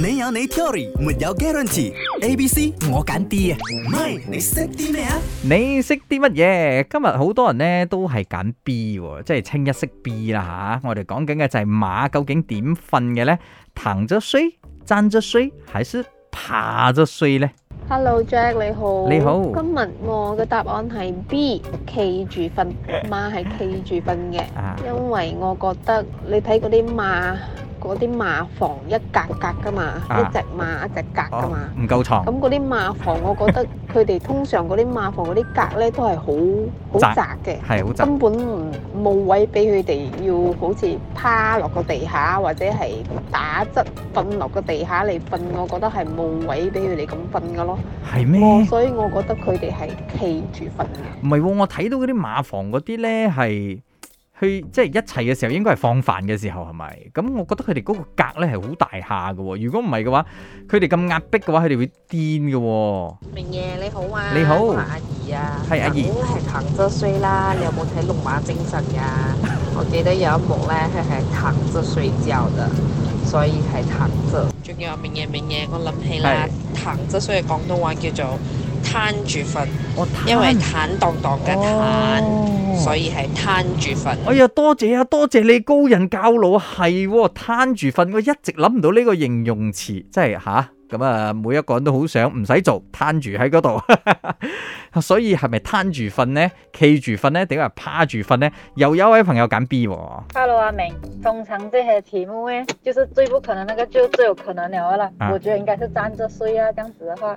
你有你 theory 沒有 guarantee。A、B、C 我揀 D 啊！唔係你識啲咩啊？你識啲乜嘢？今日好多人咧都係揀 B，哦、即係清一色 B 啦、啊、吓。我哋講緊嘅就係馬究竟點瞓嘅咧？躺住瞓，企住瞓，還是爬住瞓咧？Hello Jack，你好。你好。今日我嘅答案係 B，企住瞓。馬係企住瞓嘅。 因為我覺得你睇嗰啲馬。嗰啲馬房一格格噶嘛，啊、一隻馬一隻格噶嘛，哦、唔夠牀。咁嗰啲馬房，我覺得佢哋通常嗰啲馬房嗰啲格咧都係好好窄嘅，係好窄，根本唔冇位俾佢哋要好似趴落個地下或者係打側瞓落個地下嚟瞓，我覺得係冇位俾佢哋咁瞓噶咯。係咩？所以我覺得佢哋係企住瞓。唔係喎，我睇到嗰啲馬房嗰啲咧係。佢，即係一齊嘅時候，應該係放飯嘅時候係咪？咁我覺得佢哋嗰個格咧係好大下嘅喎。如果唔係嘅話，佢哋咁壓迫嘅話，佢哋會癲嘅喎。明爺你好啊，你好、啊、阿姨啊，係阿姨。係躺着睡啦，你有冇睇《龍馬精神、啊》呀？ 我記得有一幕咧，佢係躺着睡覺嘅，所以係躺着。仲有明爺明爺，我諗起啦，是躺着睡嘅廣東話叫做。攤住瞓，哦、住因為坦蕩蕩嘅坦，哦、所以係攤住瞓。哎呀，多謝啊，多謝你高人教路啊，係攤、哦、住瞓，我一直諗唔到呢個形容詞，即係吓咁啊！每一個人都好想唔使做，攤住喺嗰度， 所以係咪攤住瞓呢？企住瞓呢？定係趴住瞓呢？又有一位朋友揀 B、哦。Hello，阿明，通常呢個題目呢？就是最不可能那個，就最有可能了啦。啊、我覺得應該是站着睡啊，這樣子的話。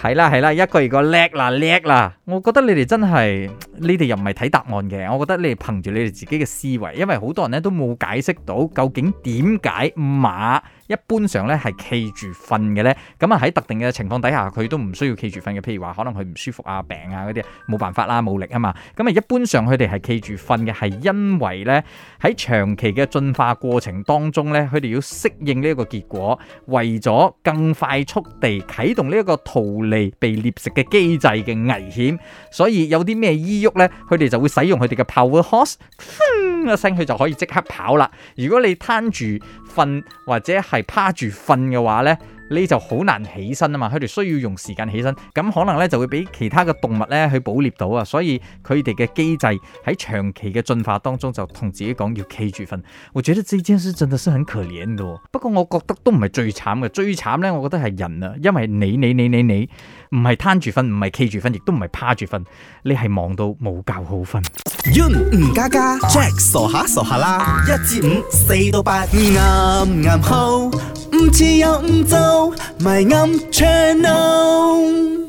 係啦係啦，一個二個叻啦叻啦，我覺得你哋真係，呢啲又唔係睇答案嘅，我覺得你哋憑住你哋自己嘅思維，因為好多人咧都冇解釋到究竟點解馬一般上咧係企住瞓嘅呢。咁啊喺特定嘅情況底下佢都唔需要企住瞓嘅，譬如話可能佢唔舒服啊病啊，嗰啲冇辦法啦冇力啊嘛，咁啊一般上佢哋係企住瞓嘅，係因為呢喺長期嘅進化過程當中呢，佢哋要適應呢一個結果，為咗更快速地啟動呢一個逃。嚟被獵食嘅機制嘅危險，所以有啲咩依喐呢？佢哋就會使用佢哋嘅 powerhouse，嗯，一聲佢就可以即刻跑啦。如果你攤住。瞓或者係趴住瞓嘅話呢，你就好難起身啊嘛，佢哋需要用時間起身，咁可能呢就會俾其他嘅動物呢去捕獵到啊，所以佢哋嘅機制喺長期嘅進化當中就同自己講要企住瞓。我覺得這件事真的是很可憐嘅喎，不過我覺得都唔係最慘嘅，最慘呢，我覺得係人啊，因為你你你你你唔係攤住瞓，唔係企住瞓，亦都唔係趴住瞓，你係忙到冇覺好瞓。唔唔加加，Jack 傻下傻下啦，一至五，四到八，8，啱啱好，唔遲又唔早，咪啱 channel。